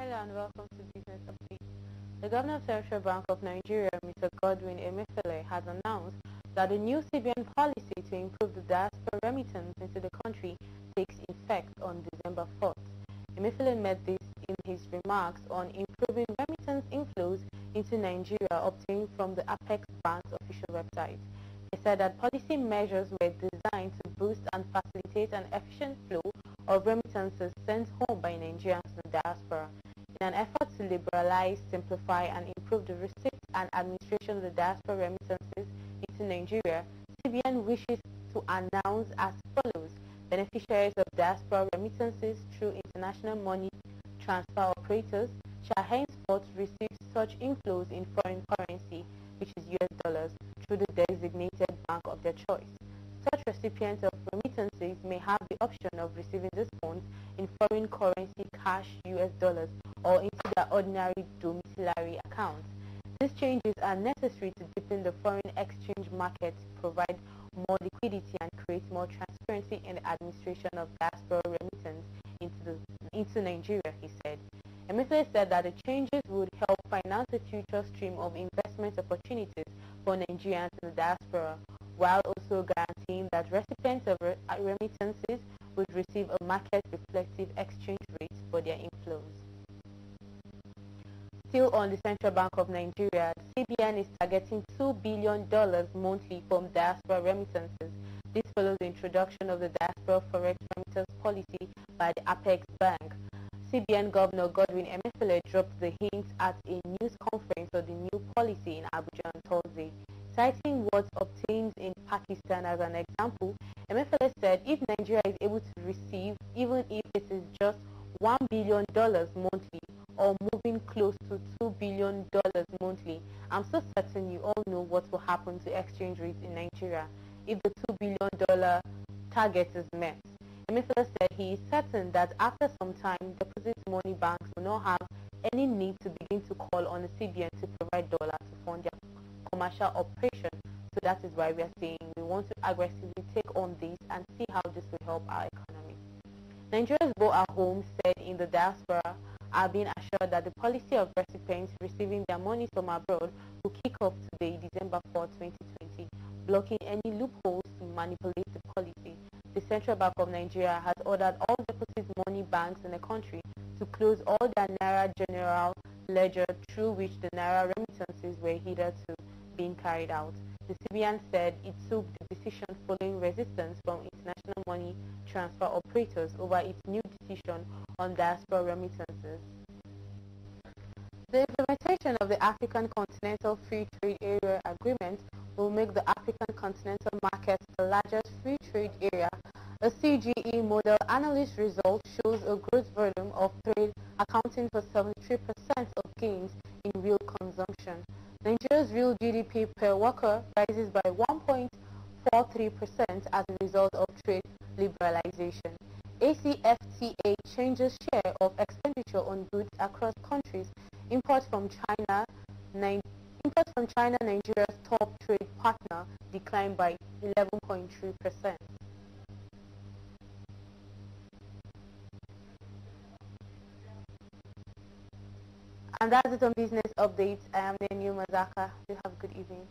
Hello and welcome to Business Update. The Governor of Central Bank of Nigeria, Mr. Godwin Emefiele, has announced that the new CBN policy to improve the diaspora remittance into the country takes effect on December 4th. Emefiele made this in his remarks on improving remittance inflows into Nigeria obtained from the Apex Bank's official website. He said that policy measures were designed to boost and facilitate an efficient flow of remittances sent home by Nigerians in the diaspora in an effort to liberalize, simplify, and improve the receipt and administration of the diaspora remittances into Nigeria, CBN wishes to announce as follows beneficiaries of diaspora remittances through international money transfer operators shall henceforth receive such inflows in foreign currency, which is US dollars, through the designated bank of their choice. Such recipients of may have the option of receiving these funds in foreign currency, cash, US dollars, or into their ordinary domiciliary accounts. These changes are necessary to deepen the foreign exchange market, provide more liquidity and create more transparency in the administration of diaspora remittance into, the, into Nigeria, he said. Emefiele said that the changes would help finance the future stream of investment opportunities for Nigerians in the diaspora while also guaranteeing that recipients of uh, remittances would receive a market-reflective exchange rate for their inflows. Still on the Central Bank of Nigeria, CBN is targeting $2 billion monthly from diaspora remittances. This follows the introduction of the diaspora forex remittance policy by the Apex Bank. CBN Governor Godwin Emefiele dropped the hint at a news conference of the new policy in Abuja citing what obtained in Pakistan as an example, MFLS said if Nigeria is able to receive, even if it is just $1 billion monthly or moving close to $2 billion monthly, I'm so certain you all know what will happen to exchange rates in Nigeria if the $2 billion target is met. MFLS said he is certain that after some time, deposit money banks will not have any need to begin to call on the CBN to provide dollars commercial operation. So that is why we are saying we want to aggressively take on this and see how this will help our economy. Nigerians both at home said in the diaspora are being assured that the policy of recipients receiving their money from abroad will kick off today, December 4, 2020, blocking any loopholes to manipulate the policy. The Central Bank of Nigeria has ordered all deposit money banks in the country to close all their Naira general ledger through which the Naira remittances were hitherto being carried out. The CBN said it took the decision following resistance from international money transfer operators over its new decision on diaspora remittances. The implementation of the African Continental Free Trade Area Agreement will make the African Continental Market the largest free trade area. A CGE model analyst result shows a gross volume of trade accounting for 73% of gains consumption. Nigeria's real GDP per worker rises by 1.43% as a result of trade liberalization. ACFTA changes share of expenditure on goods across countries. Imports from China, Ni imports from China, Nigeria's top trade partner, declined by 11.3%. And that's it on Business Updates. I am new Mazaka. You have a good evening.